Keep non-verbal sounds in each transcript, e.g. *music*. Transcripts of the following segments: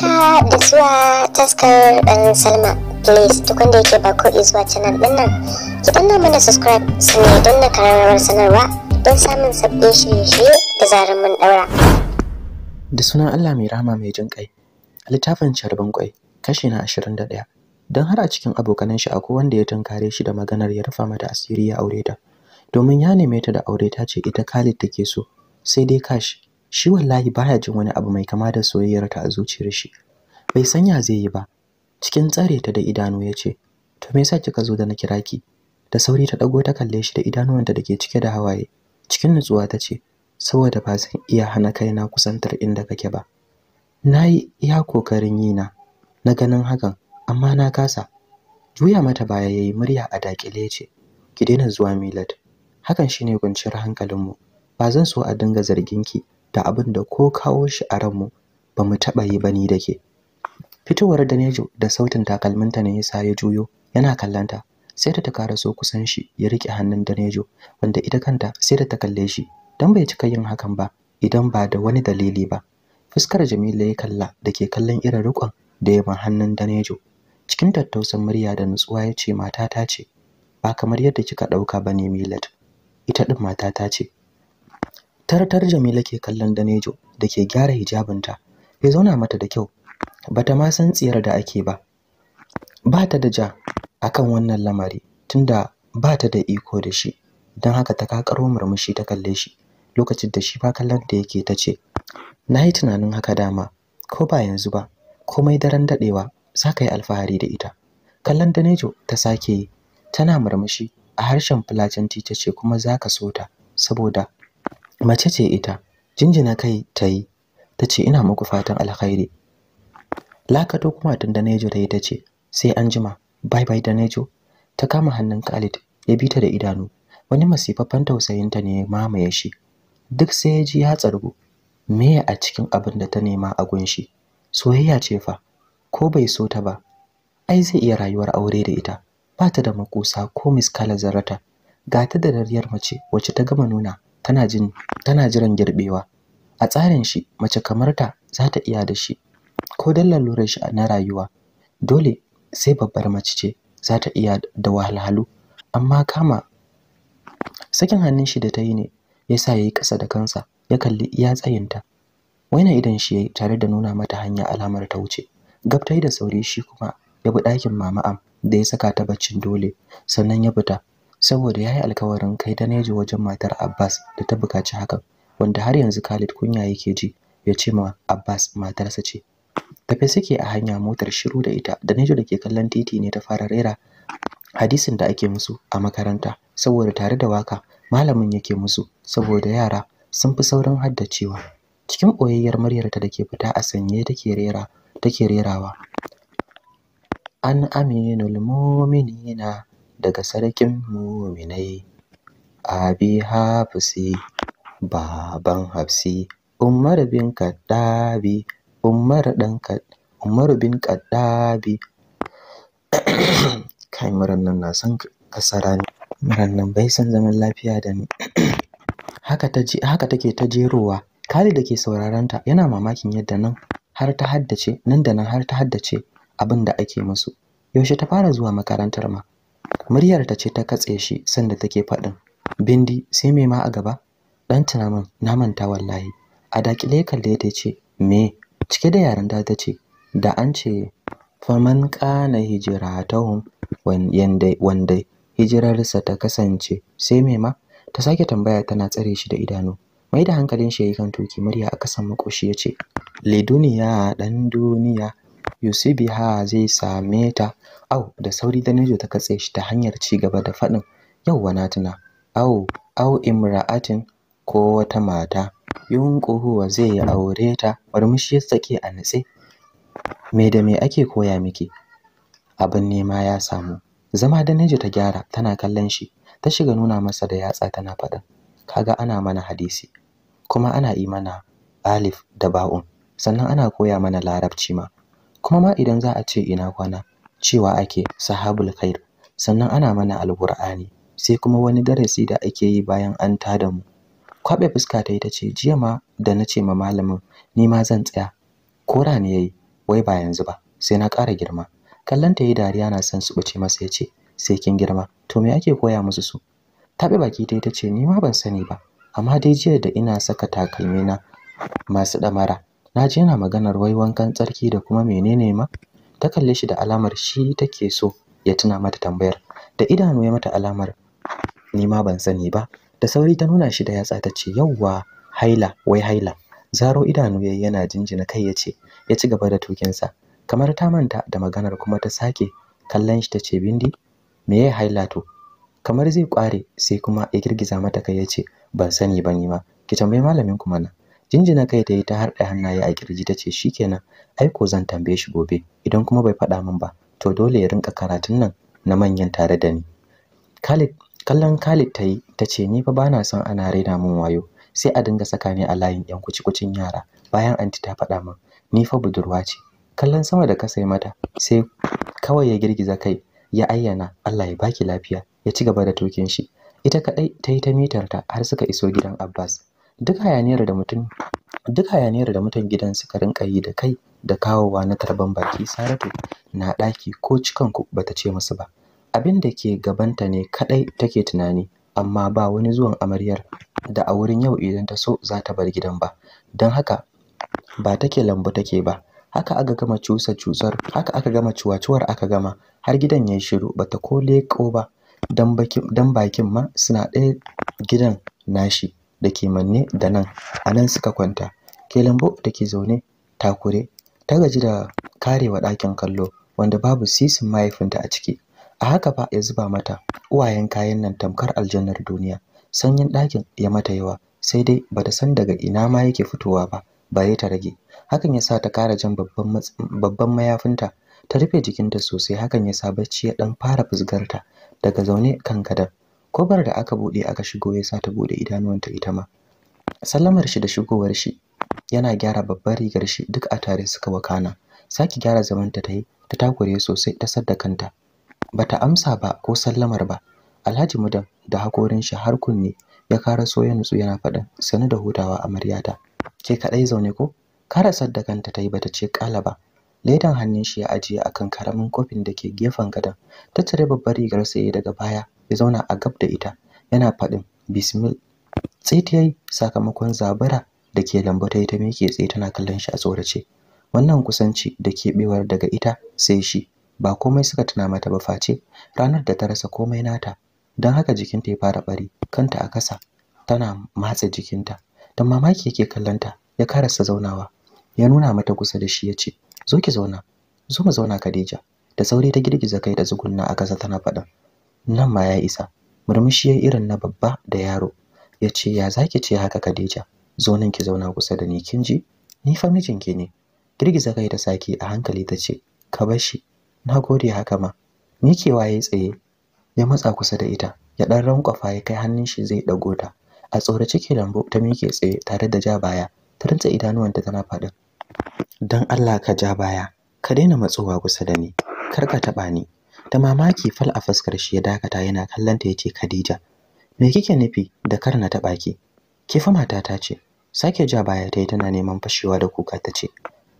haka da zuwa taskar dan salma please duk wanda yake ba ko zuwa canal din nan ki danna mana subscribe su ne don na kararrawar sanarwa don samun sabbin shirye-shirye da zarar mun daura da sunan allah mai rama mai jin kai littafin charbon kwai kashi na ashirin da ɗaya, don har a cikin abokanan shi akwai wanda ya tunkare shi da maganar ya rufa mata asiri ya aure ta domin ya neme ta da aure ta ce ita Khalid take so sai dai kashi. shi wallahi baya jin wani abu mai kama da soyayyar ta a zuciyar shi bai san ya zai yi ba cikin tsare ta da idanu ya ce to me yasa kika zo da na kira ki da sauri ta dago ta kalle shi da idanuwanta da ke cike da hawaye cikin nutsuwa ta ce saboda ba zan iya hana kai, na kusantar inda kake ba na yi iya kokarin yi na na ganin hakan amma na kasa juya mata baya yayi murya a dakile ce ki daina zuwa milad hakan shine kwanciyar hankalinmu ba zan so a dinga zargin ki da abin da ko kawo shi a ranmu ba mu taɓa yi ba ni da ke fitowar danejo da sautin takalminta ne yasa ya juyo yana kallanta sai da ta so kusan shi ya riƙe hannun danejo wanda ita kanta sai da ta kalle shi don bai cika yin hakan ba idan ba da wani dalili ba fuskar jamila ya kalla da ke kallon irin rikon da ya hannun danejo cikin tattausan murya da nutsuwa ya ce matata ce ba kamar yadda kika ɗauka ba ne milat ita ɗin matata ce tartar Jamila ke kallon Danejo da ke gyara hijabinta ya zauna mata da kyau bata ma san tsiyar da ake ba bata da ja akan wannan lamari tunda bata da iko da shi don haka ta kakaro murmushi ta kalle shi lokacin da shi ba kallon da yake ta ce na yi tunanin haka dama ko ba yanzu ba komai daren daɗewa za ka yi alfahari da ita kallon Danejo ta sake yi tana murmushi a harshen fulatanti ta ce kuma za ka so ta saboda mace ce ita jinjina kai ta yi ta ce ina muku fatan alkhairi lakato kuma tun da nejo ta yi ta ce sai an jima bai bye da nejo ta kama hannun khalid ya bi ta da idanu wani masifaffen tausayinta ne ya mamaye shi duk sai ya ji ya tsargu meye a cikin abin da ta nema a gunshi soyayya ce fa ko bai so ta ba ai zai iya rayuwar aure da ita ba ta da makusa ko miskala zarata ga ta da dariyar mace wacce ta gama nuna tana jin tana jiran girbewa a tsarin shi mace kamar ta za ta iya da shi ko dallan lura shi na rayuwa dole sai babbar mace ce za ta iya da wahalhalu amma kama sakin hannun shi da ta yi ne ya sa ya yi ƙasa da kansa ya kalli iya tsayinta waina idan shi yayi tare da nuna mata hanya alamar ta wuce gab gabtai da sauri shi kuma ya bi ɗakin mama da ya saka ta baccin dole sannan ya fita saboda ya yi alkawarin kai nejo wajen matar Abbas da ta bukaci hakan wanda har yanzu Khalid kunya yake ji ya ce ma Abbas matarsa ce tafe suke a hanya motar shiru da ita Danejo da ke kallon titi ne ta fara rera hadisin da ake musu a makaranta saboda tare da waka malamin yake musu saboda yara sun fi saurin haddacewa cikin ƙoyayyar muryarta da ke fita a sanye take rera take rerawa an lil mu'minina daga sarkin muminai abi hafsi baban hafsi umar bin kaddabi umar dan umar bin kaddabi *coughs* kai muran nan na san kasara ne muran nan bai san zaman lafiya da ni *coughs* haka ta haka take ta jerowa Khalid da ke sauraron ta yana mamakin yadda nan har ta haddace nan da nan har ta haddace abin da ake musu yaushe ta fara zuwa makarantar ma muryar ta ce ta katse shi sanda take faɗin bindi sai me ma a gaba dan tunamin na manta wallahi a dakile kalle ta ce me cike da yaran da ta ce da an ce faman kana hijratuhum wanda hijirarsa ta kasance sai me ma ta sake tambaya tana tsare shi da idanu mai da hankalin shi yayi kan tuki murya a kasan makoshi yace le duniya dan duniya Yusibiha zai same ta. Au, da sauri Danijo ta katse shi ta hanyar ci gaba da faɗin, "Yawwa na tuna, au, au imra'atin ko wata mata, yunquhu zai yi aure ta." Murmushi ya sake a nitse Me da me ake koya miki? Abin nema ya samu. Zama Danijo ta gyara tana kallon shi, ta shiga nuna masa da yatsa tana faɗin, "Kaga ana mana hadisi, kuma ana yi mana alif da ba'un, sannan ana koya mana larabci ma." kuma ma idan za a ce ina kwana cewa ake sahabul khair sannan ana mana alqur'ani sai kuma wani darasi da ake yi bayan an tada mu kwabe fuska ta ita ce jiya ma da na ce ma malamin ni ma zan tsaya kora ne yayi wai ba yanzu ba sai na ƙara girma kallon ta yi dariya na san su bace masa ya ce sai kin girma to me ake koya musu su taɓe baki ta ita ce ni ma ban sani ba amma dai jiya da ina saka takalmina masu ɗamara na ji yana maganar wai wankan tsarki da kuma menene ma ta kalle shi da alamar shi take so ya tuna mata tambayar da idanu ya mata alamar ni ma ban sani ba da sauri ta nuna shi da yatsa ta ce yauwa haila wai haila zaro idanu yayi yana jinjina kai ya ce ya ci gaba da tukinsa kamar ta manta da maganar kuma ta sake kallon shi ta ce bindi me ya haila to kamar zai kware sai kuma ya girgiza mata kai ya ce ban sani ba ni ma ki tambayi malamin ku mana jinjina kai ta yi ta harɗe hannaye a kirji ta ce shi ai ko zan tambaye shi gobe idan kuma bai faɗa min ba to dole ya rinƙa karatun nan na manyan tare da ni Khalid kallon Khalid ta yi ta ce ni fa bana son ana raina min wayo sai a dinga saka ni a layin yan kuci kucin yara bayan anti ta faɗa min ni fa budurwa ce kallon sama da ka sai mata sai kawai ya girgiza kai ya ayyana Allah ya baki lafiya ya ci gaba da tokin shi ita kadai ta yi ta mitarta har suka iso gidan Abbas duk hayaniyar da mutum duk hayaniyar da mutan gidan suka rinka yi da kai da kawowa na tarban baki saratu na ɗaki ko cikanku bata ce musu ba abin da ke gabanta ne kaɗai take tunani amma ba wani zuwan amaryar da a wurin yau idan ta so za ta bar gidan ba don haka ba take lambu take ba haka aka gama cusa cusar haka aka gama cuwacuwar aka gama har gidan yayi shiru bata ko leko ba dan bakin ma suna ɗaya gidan nashi da ke manne da nan a nan suka kwanta ke lambu da ke zaune takure ta gaji da karewa ɗakin kallo wanda babu sisin mahaifinta a ciki a haka ba ya zuba mata uwayen kayan nan tamkar aljannar duniya sanyin ɗakin ya mata yawa sai dai ba ta san daga ina ma yake fitowa ba ya ta rage hakan ya sa ta kara jan babban mayafinta ta rufe jikinta sosai hakan ya sa bacci ya ɗan fara fusgarta daga zaune kan gadon Kobar da aka buɗe aka shigo ya sa ta buɗe idanuwanta ita ma sallamar shi da shigowar shi yana gyara babbar rigar shi duk a tare suka wakana saki gyara zamanta ta yi ta takure sosai ta sadda kanta bata amsa ba ko sallamar ba alhaji mudan da hakorin shi har kunne ya kara so ya nutsu yana faɗin sanu da hutawa amaryata ke kaɗai zaune ko kara sadda kanta ta yi bata ce kala ba ledan hannun shi ya ajiye akan karamin kofin da ke gefen gadon ta cire babbar rigar saye daga baya ya zauna a gab da ita yana faɗin bismil tsaitiyai sakamakon zabara da ke lambata ta mike tsaye tana kallon shi a tsorace wannan kusanci da keɓewar daga ita sai shi ba komai suka tuna mata ba face ranar da ta rasa komai nata don haka jikinta ya fara bari kanta a kasa tana matsa jikinta don mamaki yake kallanta ya karasa zaunawa ya nuna mata kusa da shi ya ce zo ki zauna zo mu zauna Khadija da sauri ta girgiza kai da zugunna a kasa tana faɗin. nan ma ya isa murmushi irin na babba da yaro ya ce ya zaki ce haka Khadija zo nan ki zauna kusa da ni kin ji ni fa mijinki ne girgiza kai da saki a hankali ta ce ka bar shi gode haka ma ni ke yayi tsaye ya matsa kusa da ita ya dan rankwafa ya kai hannun shi zai dago ta a tsorace ke lambo ta mike tsaye tare da ja baya ta rantsa idanuwanta tana faɗin dan Allah ka ja baya ka daina matsowa kusa da ni kar ka taɓa ni da mamaki fal a fuskar shi ya dakata yana kallon ta yace Khadija me kike nufi da kar na taɓa ki ke fa mata ta ce sake ja baya ta yi tana neman fashewa da kuka ta ce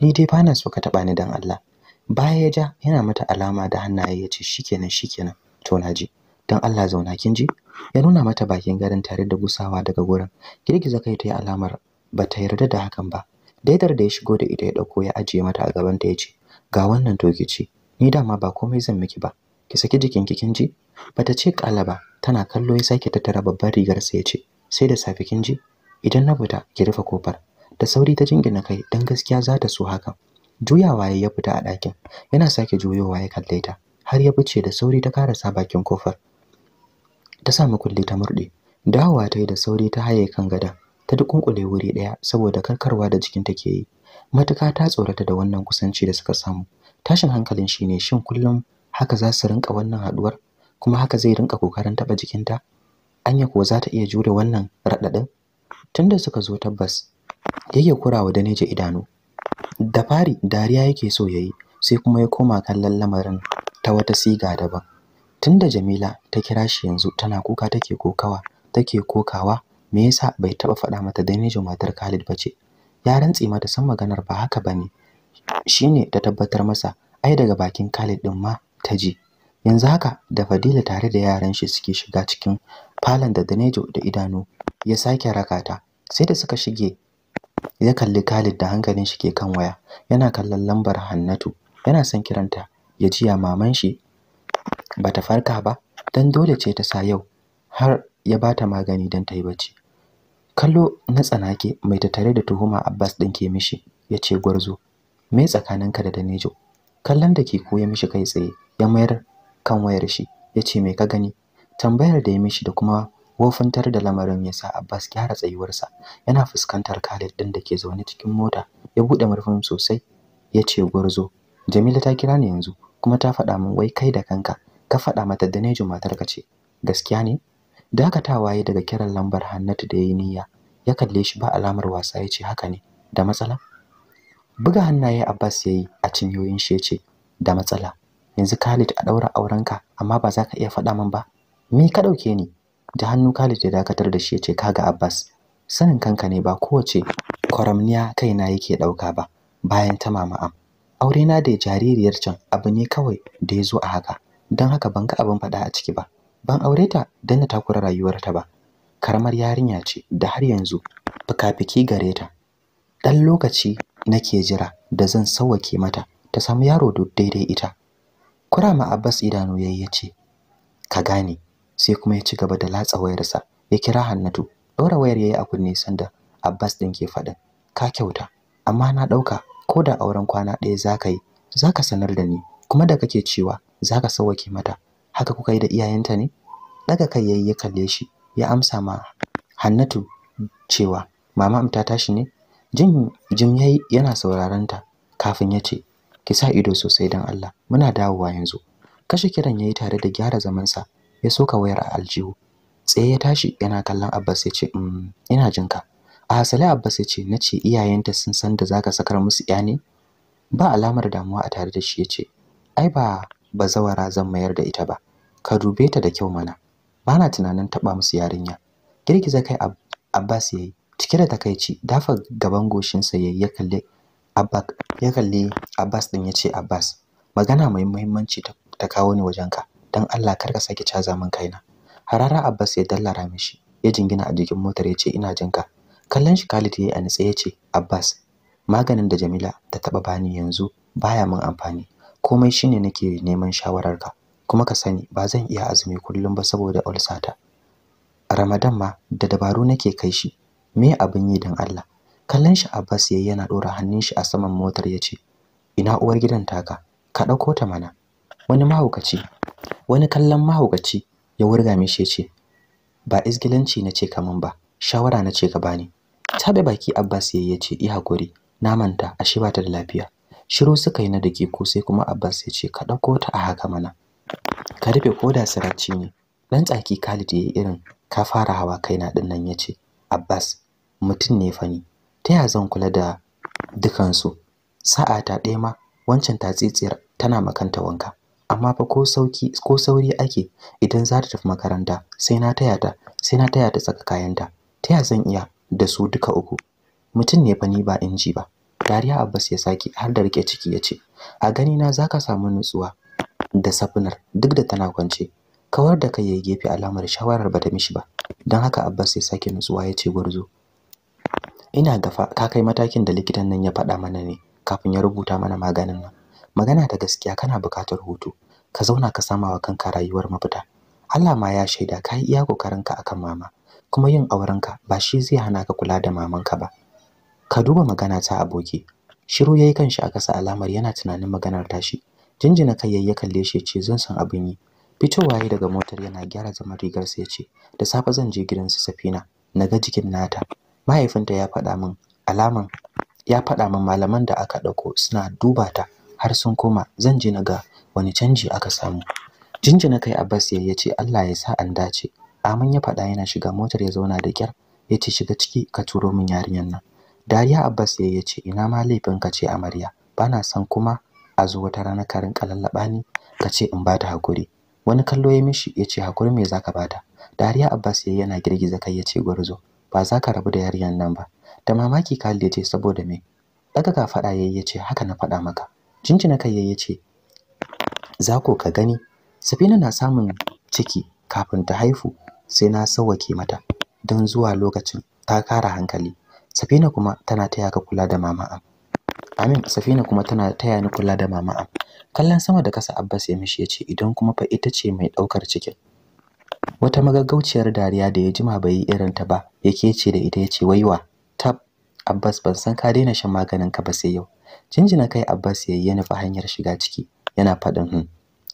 ni dai bana so ka taɓa ni dan Allah baya ya ja yana mata alama da hannaye ya ce shikenan shikenan to na ji dan Allah zauna kin ji ya nuna mata bakin garin tare da gusawa daga gurin girgiza kai ta yi alamar ba ta yarda da hakan ba daidar da ya shigo da ita ya dauko ya ajiye mata a gaban ta ya ga wannan toki ce ni dama ba komai zan miki ba ki saki jikinki kin ji bata ce ba. tana kallo ya sake tara babbar rigar sa ce. sai da safi kin ji idan na fita ki rufe kofar da sauri ta jingina kai dan gaskiya za ta so haka juyawa ya fita a ɗakin yana sake juyowa ya kalle ta har ya bice da sauri ta karasa bakin kofar ta samu kulle ta murde dawowa ta yi da sauri ta haye kan gada ta dukunkule wuri ɗaya, saboda karkarwa da jikin take yi matuka ta tsorata da wannan kusanci da suka samu tashin hankalin shi ne shin kullum haka za su rinka wannan haduwar kuma haka zai rinka kokarin taba jikinta anya kuwa za ta iya jure wannan radadin tunda suka zo tabbas yake kurawa da neje idanu da fari dariya yake so yayi sai kuma ya koma kallon lamarin ta wata siga daban tunda Jamila ta kira shi yanzu tana kuka take kokawa take kokawa me yasa bai taba faɗa mata da matar Khalid ba ce, ya rantsi mata san maganar ba haka bane shine ta tabbatar masa ai daga bakin Khalid din ma ta je yanzu haka da Fadila tare da yaran shi suke shiga cikin falon da Danejo da idanu ya sake rakata sai da suka shige ya kalli Khalid da hankalin shi ke kan waya yana kallon lambar Hannatu yana son kiranta ya jiya maman shi bata farka ba dan dole ce ta sa yau har ya bata magani dan ta yi bacci kallo na tsanake mai tattare da tuhuma Abbas din ke mishi yace gwarzo me tsakaninka da Danejo kallon da ke koya mishi kai tsaye ya mayar kan wayar shi ya ce me ka gani tambayar da ya mishi da kuma wofintar da lamarin ya sa Abbas gyara tsayuwarsa yana fuskantar Khalid din da ke zaune cikin mota ya buɗe murfin sosai ya ce gwarzo Jamila ta kira ni yanzu kuma ta faɗa min wai kai da kanka ka faɗa mata Danejo ka ce gaskiya ne dakatawa ya daga kiran lambar Hannatu da ya yi niyya ya kalle shi ba alamar wasa ya ce haka ne da matsala buga hannaye Abbas yayi a cinyoyin shi yace da matsala yanzu Khalid a daura aurenka amma ba za ka iya faɗa min ba me ka dauke ni da hannu Khalid ya dakatar da shi yace ga Abbas sanin kanka ne ba kowace kwaramniya kaina yake dauka ba bayan ta mama am aure na da jaririyar can abu ne kawai da ya zo a haka don haka ban ga abin faɗa a ciki ba ban aure ta don na takura rayuwarta ba karamar yarinya ce da har yanzu Fika-fiki gare ta ɗan lokaci nake jira da zan sauwake mata ta samu yaro daidai ita kurama abbas idanu yayi yace ka gane sai kuma ya ci gaba da latsa wayarsa ya kira hannatu ɗora wayar yayi a kunne sanda abbas din ke faɗin ka kyauta amma na ɗauka ko da auren kwana ɗaya zaka yi zaka sanar da ni kuma da kake cewa zaka sauwake mata haka kuka yi da iyayenta ne daga kai yayi ya kalle shi ya amsa ma hannatu cewa mama amta ta tashi ne Jin jim yayi yana sauraron ta kafin ya ce ki sa ido sosai don Allah muna dawowa yanzu. Kashe kiran yayi tare da gyara zaman sa ya soka wayar a aljihu. Tsaye ya tashi yana kallon Abbas ya ce mm, ina jin ka. A hasali Abbas ya ce na ce iyayenta sun san da zaka sakar musu ya ne? Ba alamar damuwa a tare da shi ya ce ai ba bazawara zan mayar da ita ba. Ka dube ta da kyau mana. Bana tunanin taba musu yarinya. Girgiza kai Abbas yayi cike da takaici dafa gaban goshinsa yayi ya kalle Abbas ya kalle Abbas din yace Abbas magana mai muhimmanci ta kawo ni ka. dan Allah kar ka sake caza min kaina harara Abbas ya dallara mishi ya jingina a jikin motar yace ina jin ka. kallon shi Khalid yi a ya ce Abbas maganin da Jamila ta taba bani yanzu baya min amfani komai shine nake neman shawarar ka kuma ka sani ba zan iya azumi kullum ba saboda ulsata ta Ramadan ma da dabaru nake kai shi me abin yi dan Allah kallon shi Abbas yayi yana dora hannun shi a saman motar yace ina uwar gidan taka ka dauko ta mana wani mahaukaci wani kallon mahaukaci ya wurga mishi yace ba isgilanci nace kaman ba shawara na ce ka bani tabe baki Abbas yayi yace i hakuri na manta ashe ba ta da lafiya shiru suka yi na dake ko sai kuma Abbas yace ka dauko ta a haka mana ka rufe koda siracci ne dan tsaki Khalid yayi irin ka fara hawa kaina dinnan nan yace Abbas mutum ne fa ni ta ya zan kula da dukansu sa'a ta ɗaya ma wancan tatsitsiyar tana makanta wanka amma fa ko sauki ko sauri ake idan za ta tafi makaranta sai na taya ta sai na taya ta saka kayanta ta ya zan iya da su duka uku mutum ne fa ni ba inji ba dariya abbas ya saki har da rike ciki ya ce a gani na zaka samu nutsuwa da safinar duk da tana kwance kawar da kai ya gefe alamar shawarar bata mishi ba don haka abbas ya sake nutsuwa ya ce gwarzo ina gafa ka kai matakin da likitan nan ya faɗa mana ne kafin ya rubuta mana maganin nan magana ta gaskiya kana buƙatar hutu ka zauna ka sama wa kanka rayuwar mafita Allah ma ya shaida ka yi iya kokarinka akan mama kuma yin aurenka ba shi zai hana ka kula da mamanka ba ka duba magana ta aboki shiru yayi kanshi a kasa alamar yana tunanin maganar tashi jinjina kai yayi kalle shi ce zan san abin yi fitowa yayi daga motar yana gyara zaman rigar ya ce, da safe zan je gidan su Safina naga jikin nata mahaifinta ya faɗa min alaman ya faɗa min malaman da aka ɗauko suna duba ta har sun koma zan ji na ga wani canji aka samu jinjina kai Abbas ya ce Allah ya sa an dace amin ya faɗa yana shiga motar ya zauna da kyar ya ce shiga ciki ka turo min yarinyar nan dariya Abbas ya ce ina ma laifin ka ce amarya bana son kuma a zo wata rana ka rinka lallaba ni ka ce in bata hakuri wani kallo ya mishi ya ce hakuri me zaka bata dariya Abbas ya yana girgiza kai ya ce gwarzo ba za ka rabu da yarinyar nan ba da mamaki ka ya saboda me daga ka faɗa yayi ya ce haka na faɗa maka jinjina kai yayi ya ce za ko ka gani Safina na samun ciki kafin ta haifu sai na sawwake mata don zuwa lokacin ta kara hankali Safina kuma tana taya ka kula da mama am Amin Safina kuma tana taya ni kula da mama am kallon sama da kasa Abbas ya mishi ya ce idan kuma fa ita ce mai daukar cikin wata magaggauciyar dariya da ya jima bai yi irin ta ba yake ce da ita yace waiwa tab Abbas ban san ka daina shan maganin ka ba sai yau jinjina kai Abbas ya yi ya nufi hanyar shiga ciki yana faɗin hun hmm,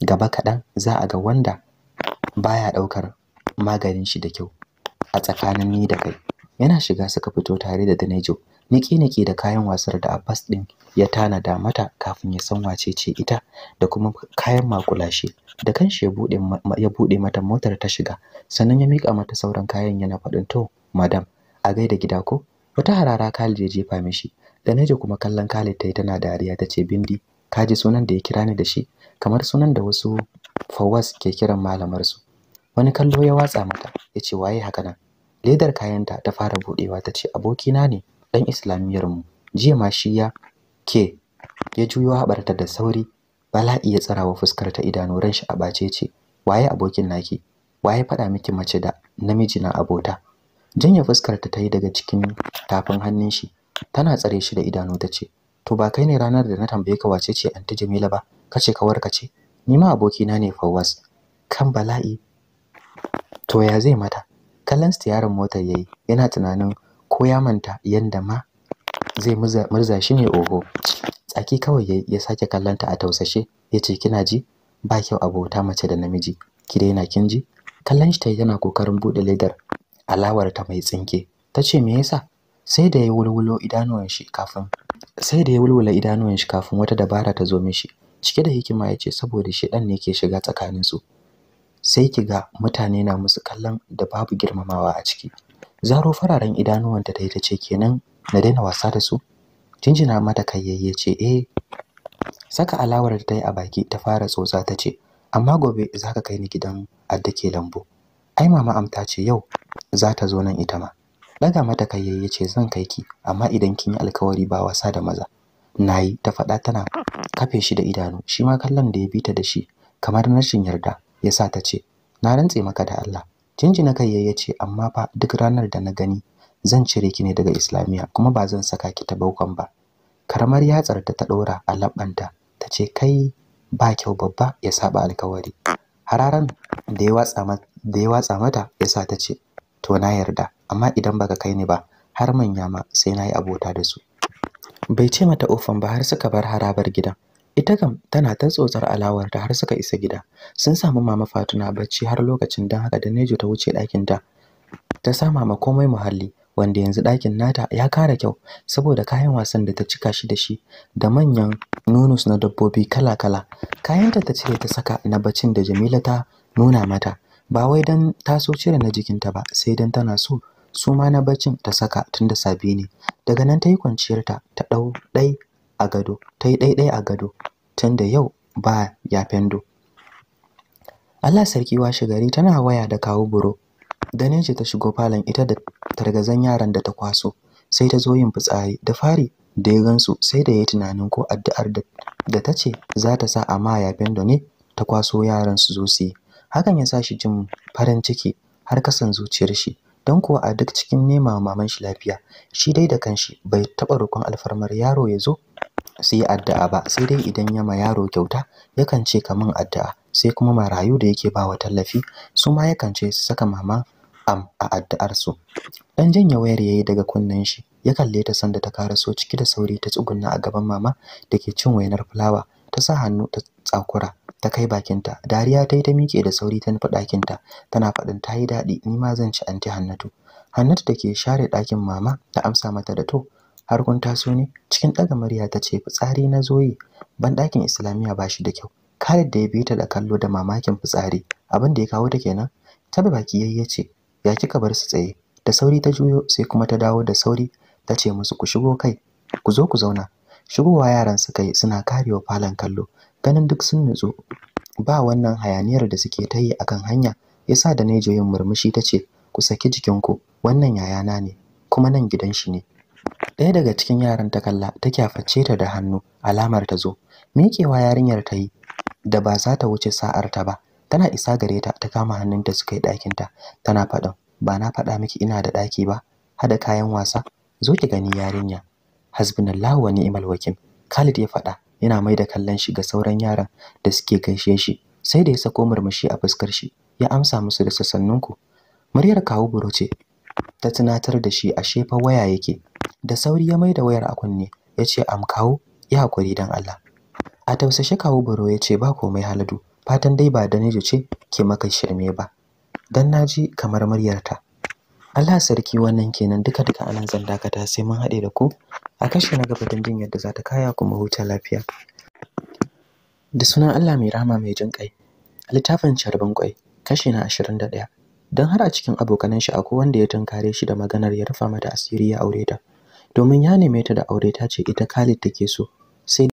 gaba kaɗan za a ga wanda baya ɗaukar maganin shi da kyau a tsakanin ni da kai yana shiga suka fito tare da Danejo nake-nake da kayan wasar da Abbas din ya tanada mata kafin ya san wace ce ita da kuma kayan makulashe da kanshi ya bude ya bude mata motar ta shiga sannan ya mika mata sauran kayan yana faɗin to madam a gaida gida ko wata harara Khalid ya jefa mishi da naje kuma kallon Khalid tayi tana dariya tace bindi kaji sunan da ya kira ni da shi kamar sunan da wasu fawas ke kiran malamar su wani kallo ya watsa mata yace waye haka nan ledar kayanta ta fara budewa tace abokina ne ɗan mu, jiya ma shi ya ke ya juyo haɓarta da sauri bala'i ya tsarawa fuskar ta idanu ran shi a bace ce waye abokin naki waye faɗa miki mace da namiji na abota janye fuskar ta tayi daga cikin tafin hannun shi tana tsare shi da idanu ta ce to ba kai ne ranar da na tambaye ka wace ce anti Jamila ba kace ka warkace ni ma abokina ne Fawwas. kan bala'i to ya zai mata kallon yaron motar yayi yana tunanin ko ya manta yanda ma zai murza shi ne oho tsaki kawai ya sake kallanta a tausashe ya ce kina ji ba kyau abota mace da namiji ki daina kin ji kallon shi tayi yana kokarin bude ledar alawar ta mai tsinke tace me yasa sai da ya wulwulo idanuwan shi kafin sai da ya wulwula idanuwan shi kafin wata dabara ta zo mishi cike da hikima ya ce saboda shi shedan ne ke shiga tsakaninsu. su sai kiga mutane na musu kallon da babu girmamawa a ciki zaro fararen idanuwanta ta yi ta ce kenan na daina wasa da su jinjina mata kai ce eh saka alawar da ta yi a baki ta fara tsotsa ta ce amma gobe za ka kai ni gidan addake lambu ai mama amta ce yau za ta zo nan ita ma daga mata kai ce zan kai ki amma idan kin yi alkawari ba wasa da maza nayi ta faɗa tana kafe shi da idanu shi ma kallon da ya bita da shi kamar nashin yarda ya sa ta ce na rantse maka da Allah jinjina kai yayi ce amma fa duk ranar da na gani zan cire ki ne daga islamiya kuma ba zan saka ki ta baukon ba karamar yatsar ta ta daura a labbanta ta ce kai ba kyau babba ya saba alkawari hararan da ya watsa mata da ya watsa mata yasa ta ce to na yarda amma idan baka kai ni ba har manya ma sai nayi abota da su bai ce mata ofan ba har suka bar harabar gidan ita kam tana ta tsotsar alawar ta har suka isa gida sun samu mama fatuna bacci har lokacin dan haka da nejo ta wuce ɗakin ta ta sama ma komai muhalli wanda yanzu ɗakin nata ya kara kyau saboda kayan wasan da ta cika shi da shi da manyan nonus na dabbobi kala-kala kayanta ta cire ta saka na bacin da jamila ta nuna mata ba wai dan ta so cire na jikinta ba sai dan tana so su ma na bacin ta saka tunda da ne daga nan ta yi kwanciyarta ta ɗau ɗai a gado ta yi ɗaiɗai a gado tun da yau ba ya fendo Allah sarki washe gari tana waya da kawo buro da ta shigo falon ita da targazan yaran da ta kwaso sai ta zo yin fitsari da fari da ya gansu sai da ya tunanin ko addu'ar da ta ce za ta sa a ma ya fendo ne ta kwaso yaran su zo su yi hakan ya sa shi jin farin ciki har kasan zuciyar shi don kuwa a duk cikin nema maman shi lafiya shi dai da kanshi bai taɓa roƙon alfarmar yaro ya zo su yi addu'a ba sai dai idan ya ma yaro kyauta yakan ce ka min addu'a sai kuma marayu da yake bawa tallafi su ma yakan ce su saka mama am a addu'ar su. dan janye wayar yayi daga kunnen shi ya kalle ta sanda ta karaso ciki da sauri ta tsugunna a gaban mama da ke cin wainar fulawa ta sa hannu ta tsakura ta kai bakinta dariya ta yi ta miƙe da sauri ta nufi ɗakinta tana faɗin ta yi daɗi ni ma zan ci anti hannatu hannatu da ke share ɗakin mama ta amsa mata da to har kun taso ne cikin ɗaga murya ta ce fitsari na zoyi ban ɗakin islamiyya ba shi da kyau Khalid da ya bi ta da kallo da mamakin fitsari abin da ya kawo ta kenan ta baki yayye ce ya kika bar su tsaye da sauri ta juyo sai kuma ta dawo da sauri ta ce musu ku shigo kai ku zo ku zauna shigowa yaran suka yi suna karewa falon kallo ganin duk sun nutsu ba wannan hayaniyar da suke ta yi kan hanya yasa da naijo yin murmushi ta ce ku saki jikinku wannan yayana ne kuma nan gidan shi ne ɗaya daga cikin yaran ta kalla ta kyaface ta da hannu alamar ta zo miƙewa yarinyar ta yi da ba za ta wuce sa'ar ta ba tana isa gare ta ta kama hannunta suka yi ɗakin ta tana faɗin ba na faɗa miki ina da ɗaki ba hada kayan wasa zo ki gani yarinya hasbunallahu wa ni'mal wakil Khalid ya faɗa yana mai da kallon shi ga sauran yaran da suke gaishe shi sai da ya sako murmushi a fuskar shi ya amsa musu da sassanninku muryar kawo buro ce ta tunatar da shi a shefa waya yake da sauri ya mai da wayar a kunne ya ce am kawo ya hakuri dan Allah a tausashe kawo buro ya ce ba komai haladu fatan dai ba da ce ke maka shirme ba dan ji kamar muryarta Allah sarki wannan kenan duka duka anan zan dakata sai mun haɗe da ku a kashi na gaba don jin yadda za ta kaya kuma huta lafiya da sunan Allah mai rahama mai jin kai littafin charbin kwai kashi na 21 don har a cikin abokanan shi akwai wanda ya tunkare shi da maganar ya rufa mata asiri ya aure ta domin ya neme ta da aure ta ce ita Khalid take so sai